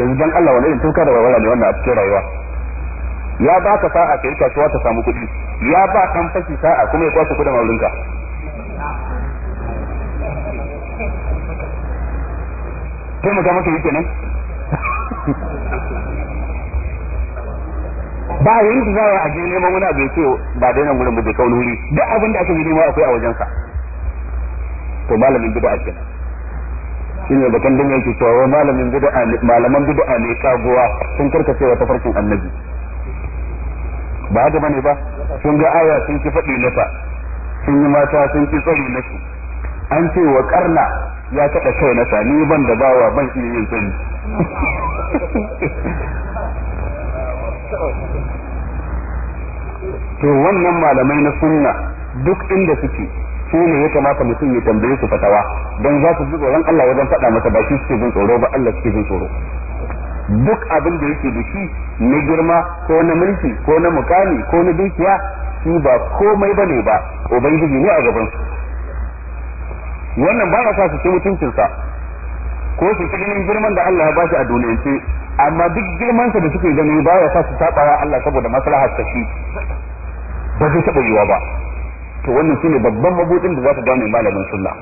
Speaker 1: yanzu dan Allah wallahi tun tuka da wala ne wannan a cikin rayuwa ya baka sa'a kai kasuwa ta samu kuɗi ya ba dan fashi sa'a kuma ya kwashe kuɗin aurinka kai mu ga maka yake nan ba a yanzu za a je neman wani abu ce ba dai nan gurin ba zai kawo wuri duk abin da aka yi nema akwai a wajensa to malamin bid'a kenan shine bakan dinga yake cewa malamin bid'a ne malaman bid'a ne kaguwa sun karkace wa tafarkin annabi ba haka bane ba sun ga aya sun ki faɗi nasa sun yi mata sun ki tsari nasu an ce wa karna ya taɓa kai nasa ni ban da bawa ban iya yin sani to wannan malamai na sunna duk inda suke shi ne ya kamata mutum ya tambaye su fatawa don za su ji tsoron Allah wajen faɗa masa ba shi suke jin tsoro ba Allah suke jin tsoro duk abin da yake da shi na girma ko na mulki ko na mukami ko na dukiya shi ba komai bane ba ubangiji ne a gaban su wannan ba sa su ci mutuncinsa ko su ci ganin girman da Allah ya ba shi a duniyance amma duk girmansa da suke gani ba ya sa su saba Allah saboda maslahar ta shi ba zai taɓa yiwa ba to wannan ne babban mabudin da za ta gane malamin sunna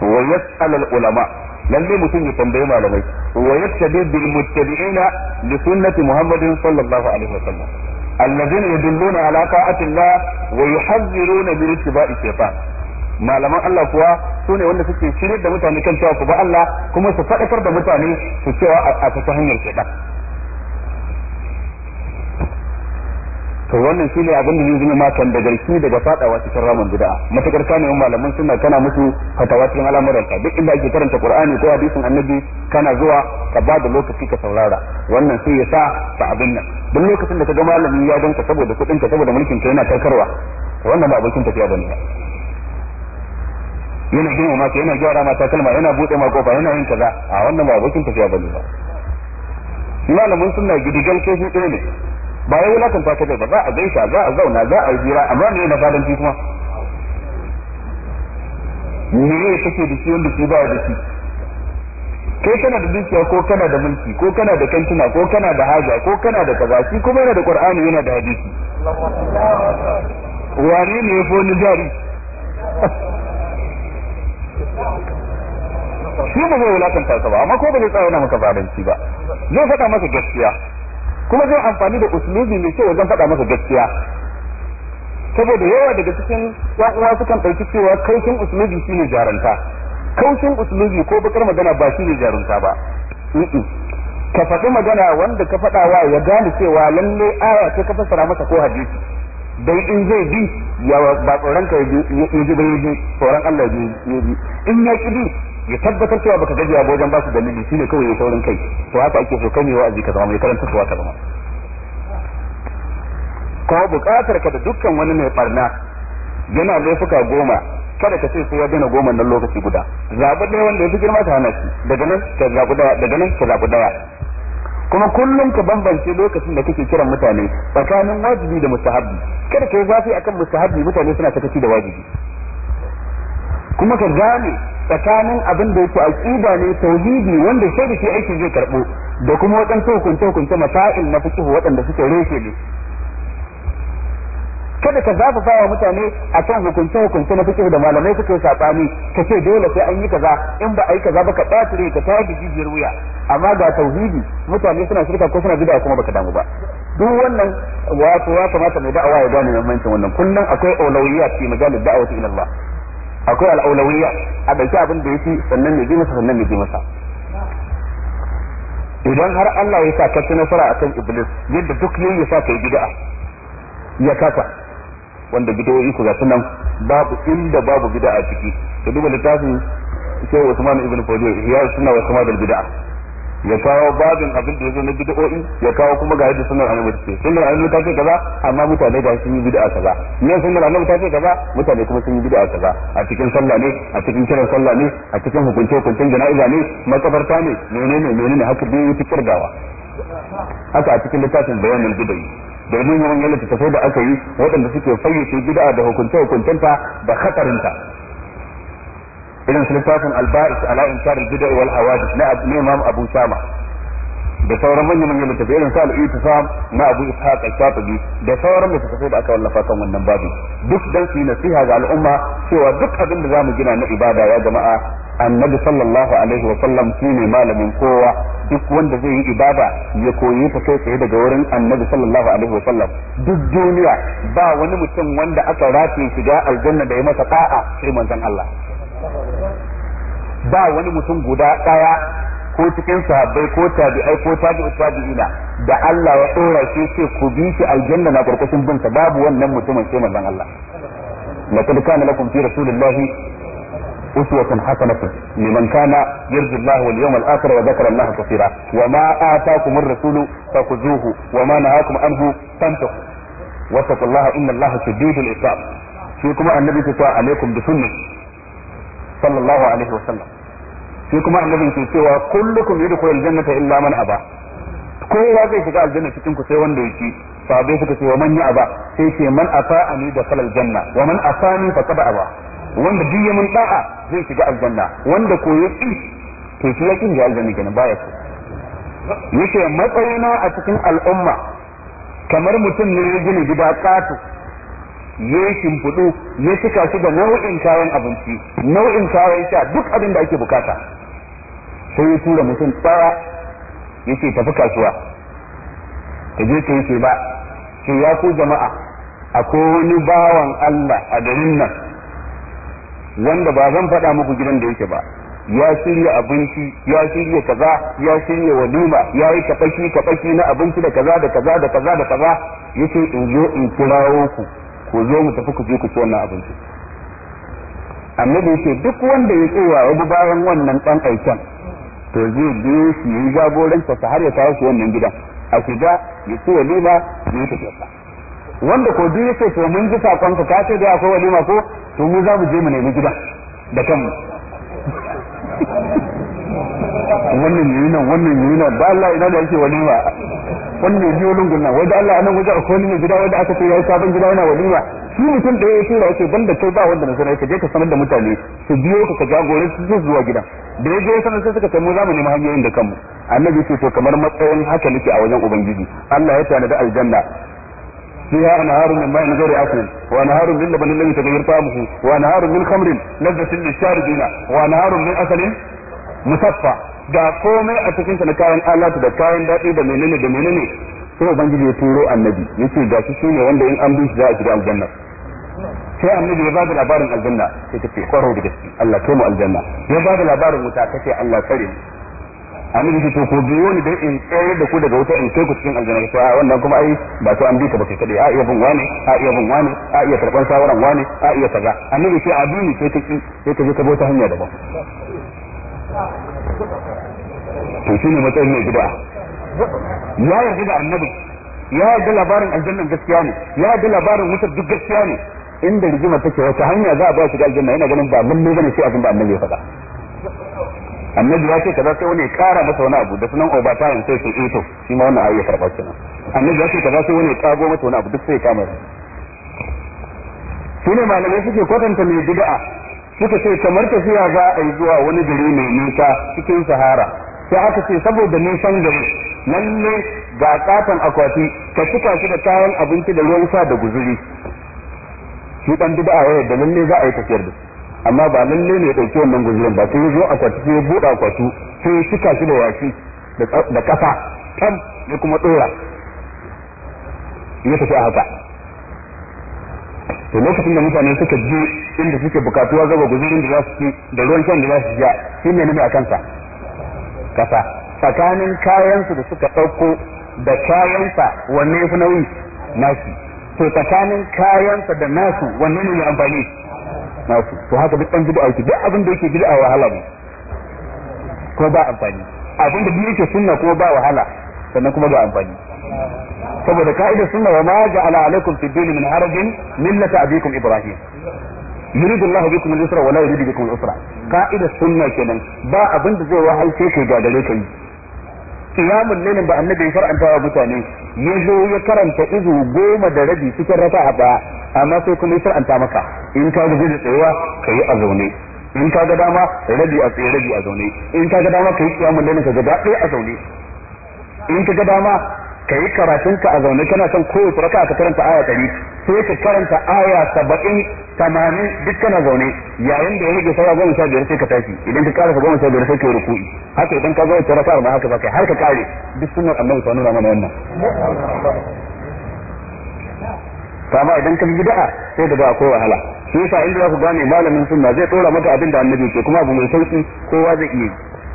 Speaker 1: wa yas'al ulama lalle mutum ya tambayi malamai wa yattabi bil muttabi'ina li sunnati muhammadin sallallahu alaihi wasallam alladhina yadulluna ala ta'atillah wa yuhadhiruna bi ittiba'i shaytan malaman Allah kuwa su ne wanda suke shirye da mutane kan cewa ku ba Allah kuma su faɗakar da mutane su cewa a ta hanyar shaytan to wannan shine abin da zai zama ma da garki daga fadawa cikin ramin bid'a matakar kana yin malaman suna kana musu fatawa cikin al'amuran ka duk inda ake karanta qur'ani ko hadisin annabi kana zuwa ka ba da lokaci ka saurara wannan sai ya sa ta abin nan duk lokacin da ka ga malami ya danka saboda kudin ka saboda mulkin ka yana karkarwa wannan ba abokin tafiya bane yana girma maka yana gyara mata kalma yana bude ma kofa yana yin kaza a wannan ba abokin tafiya bane ba malamin suna gidigal kai shi ne ba ya wulakanta ka ba za a gaisa za a zauna za a yi hira amma me na fadanci kuma ni ne kake da shi wanda shi ba da shi kai kana da dukiya ko kana da mulki ko kana da kantuna ko kana da haja ko kana da kaza shi kuma yana da qur'ani yana da hadisi wani ne ya foni jari shi ba zai wulakanta ka ba amma ko ba zai tsaya yana maka fadanci ba zai faɗa maka gaskiya kuma zai amfani da usulubi mai kyau wajen faɗa masa gaskiya saboda yawa daga cikin yan uwa sukan ɗauki cewa kaushin shi shine jaranta kaushin usulubi ko bakar magana ba shine jarunta ba ka faɗi magana wanda ka faɗawa ya gane cewa lalle aya ce ka fassara masa ko hadisi dai in zai bi ya ba tsoron ka ya ji ba ya ji tsoron Allah ya ji in ya ƙi bi ya tabbatar cewa baka gajiya ba wajen ba su dalili shine kawai ya saurin kai to haka ake so kai ne wa'azi ka zama mai karanta suwa ka zama ko bukatar ka da dukkan wani mai barna yana laifuka goma kada ka ce sai ya dena goma nan lokaci guda zabi ne wanda ya fi girma ta hana daga nan ka zabi daya daga nan ka zabi daya kuma kullum ka bambance lokacin da kake kiran mutane tsakanin wajibi da mustahabi kada ka yi zafi akan mustahabi mutane suna kaci da wajibi kuma ka gane tsakanin abin da yake aqida ne tauhidi wanda sai da shi aikin zai karbo da kuma waɗansu hukunce hukunce masail na fiqh waɗanda suke reshe ne kada ka zafa wa mutane a kan hukunce hukunce na fiqh da malamai suka yi sabani ka dole sai an yi kaza in ba a yi kaza ba ka tsatire ka tayar jijiyar wuya amma ga tauhidi mutane suna shirka ko suna bid'a kuma baka damu ba duk wannan wato ya kamata mai da'awa ya gane muhimmancin wannan kullum akwai aulawiyya fi majalid da'awati ila Allah akwai al'aulawiyya a ɗauki abin da ya fi sannan ne bi masa sannan ne bi masa idan har Allah ya sa ka ci a akan iblis yadda duk yayi ya sa yi bid'a ya kafa wanda bid'o'i ku ga sunan babu inda babu bid'a ciki ka duba littafin sai Usman ibn Fawzi ya sunna wa kamal bid'a ya kawo babin abin da ya zo na bid'o'i ya kawo kuma ga yadda sunnar annabi ce sunnar annabi ta ce kaza amma mutane ga sun yi bid'a kaza ne sunnar annabi ta ce kaza mutane kuma sun yi bid'a kaza a cikin sallah ne a cikin kiran sallah ne
Speaker 2: a cikin hukunce hukuncen jana'iza ne
Speaker 1: makabarta ne menene menene haka dai yi tikir
Speaker 2: haka
Speaker 1: a cikin littafin bayanin bid'o'i domin yawan yalla tafai da aka yi waɗanda suke fayyace bid'a da hukunce hukuncenta da khatarinta irin su littafin alba'is ala inkar bid'a wal hawadith na imam abu shama da sauran manyan manyan littafai irin su al-itifam na abu ishaq al-shafi'i da sauran littafai da aka wallafa kan wannan babu duk dan su nasiha ga al'umma cewa duk abin da zamu gina na ibada ya jama'a annabi sallallahu alaihi wa sallam shine malamin kowa duk wanda zai yi ibada ya koyi ta kai tsaye daga wurin annabi sallallahu alaihi wa sallam duk duniya ba wani mutum wanda aka rafe shiga aljanna da ya masa ta'a sai manzon Allah ba wani mutum guda ɗaya ko cikin sahabbai ko tabi'ai ko tabi'u tabi'ina da Allah ya tsora shi ce ku bi shi aljanna na karkashin binta babu wannan mutumin sai manzon Allah laqad kana lakum fi rasulillahi uswatun hasanatun liman kana yarju Allah wal al akhir wa dhakara Allah kaseera wa ma ataakum ar-rasulu fakhuzuhu wa ma nahakum anhu fantahu taqullaha inna Allah shadidul iqab shi kuma annabi ta alaikum bi sunnati sallallahu alaihi wasallam shi kuma annabin ke cewa kullukum janna jannata illa man aba kowa zai shiga aljanna cikin ku sai wanda yake sahabbai suka ce wa man ya aba sai ce man afa'ani da kalal janna wa man afani fa qad aba wanda duk yamin da'a zai shiga aljanna wanda ko ya ki to ya kin ga aljanna kenan baya ku yace matsayina a cikin al'umma kamar mutum ne ya gina gida katu ya yi shimfiɗu ya cika shi da nau'in kayan abinci nau'in kayan sha duk abin da ake bukata sai ya tura mutum tsaya ya ce tafi kasuwa ka je ka yi ba ke ya ku jama'a akwai wani bawan Allah a garin nan wanda ba zan faɗa muku gidan da yake ba ya shirya abinci ya shirya kaza ya shirya walima ya yi kafaki kafaki na abinci da kaza da kaza da kaza da kaza yace in zo in kirawo ku ku zo mu tafi ku je ku ci wannan abinci annabi yake duk wanda ya tsowa wani bayan wannan dan aiken to zai biyo shi yi jagoranta ta har ya kawo shi wannan gidan a shiga ya ci walima ya yi tafiyarsa wanda ko duk ce to mun ji sakonka ka ce da akwai walima ko to mu za mu je mu nemi gidan da kanmu wannan yi nan wannan yayi nan da Allah ina da yake walima wannan biyo lungun nan wai da Allah anan wajen akwai wani gida wanda aka ce yayi sabon gida yana walima shi mutum da ya tura yake banda kai ba wanda na sanar ka je ka sanar da mutane su biyo ka ka jagore su zo zuwa gidan da ya je sanar sai suka ce mu za mu nemi hanyoyin da kanmu annabi ce to kamar matsayin haka nake a wajen ubangiji Allah ya da aljanna فيها انهار من ماء غير اكل وانهار من لبن لم يتغير طعمه وانهار من خمر لذة للشاربين وانهار من اكل مصفى ga komai a cikin sa na kayan alatu da kayan daɗi da menene da menene sai ubangiji ya turo annabi ce ga shi shine wanda in an bishi za a shiga aljanna sai annabi ya ba da labarin aljanna sai ta ce kwaro da gaske Allah kai mu aljanna ya ba da labarin wuta kace Allah kare annabi ya ce to ko biyo ni dai in tsaye da ku daga wuta in kai ku cikin aljanna a wannan kuma ai ba ta an bi ka ba kai kadai a iya bin wani a iya bin wani a iya karban sawaran wani a iya kaza annabi ce a bi ni sai ta ki sai ta je ta bota hanya daban to shine matsayin mai bid'a ya yarda da annabi ya yarda labarin aljannan gaskiya ne ya yarda labarin wutar duk gaskiya ne inda rigima take wata hanya za a ba shi da aljanna yana ganin ba lalle bane sai abin da annabi ya faɗa annabi ya ce kaza sai wani ya kara masa wani abu da sunan obatayin sai su ito eh shi ma wannan ayyuka karɓa kenan annabi ya ce kaza sai wani ya kago masa wani abu duk sai ya kama shi ne malamai suke kwatanta mai bid'a suka ce kamar tafiya za a yi zuwa wani gari mai nisa cikin sahara sai aka ce saboda nisan gari lalle ga katon akwati ka cika shi da kayan abinci da ruwan sha da guzuri shi dan bid'a ya da lalle za a yi tafiyar da amma ba lalle ne ya dauki wannan guzurin ba sai zo akwati sai buɗe akwati sai cika shi da yashi da kafa tam ya kuma dora ya tafi a haka to lokacin da mutane suka je inda suke bukatuwa gaba guzurin da za su ci da ruwan shan da za su sha shi ne nabi a kansa kasa tsakanin kayansu da suka ɗauko da kayansa wanne ya fi nauyi nasu to tsakanin kayansa da nasu wanne ne ya amfani nasu to haka duk ɗan bid'a yake duk abin da yake bid'a wahala ne ko ba amfani abin da duk yake sunna ko ba wahala sannan kuma ga amfani saboda ka'idar sunna wa ma ja'ala alaikum fi din min harajin millata abikum ibrahim yuridu Allahu bikum al-yusra wa la yuridu bikum al-usra ka'ida sunna kenan ba abinda da zai wahalce ka ga dare kai kiyamun lailin ba annabi far'anta wa mutane ya zo ya karanta izu goma da rabi cikin raka'a daya amma sai kuma ya far'anta maka in ka da a zaune in ka ga dama rabi a tsaye rabi a zaune in ka ga dama kai kiyamun lailin ka gaba ɗaya a zaune in ka ga dama kai karatun ka a zaune kana son kowace raka'a ka karanta aya 100 sai ka karanta aya saba'in tamanin duk kana zaune yayin da ya rage sai goma sha biyar sai ka tashi idan ka karasa goma sha biyar sai ka yi ruku'i haka idan ka zauna raka'ar ma haka har ka kare duk sunan annabi ta nuna mana wannan kama idan ka da'a, sai da ba akwai wahala shi yasa inda za ku gane malamin sunna zai tsora maka abin da annabi ke kuma abu mai sauki kowa zai iya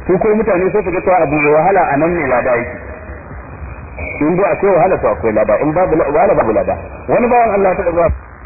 Speaker 1: ko ko mutane sai su ga cewa abu mai wahala a nan ne lada yake in dai akwai wahala to akwai
Speaker 2: lada in babu wahala babu lada wani bawan Allah ta zuwa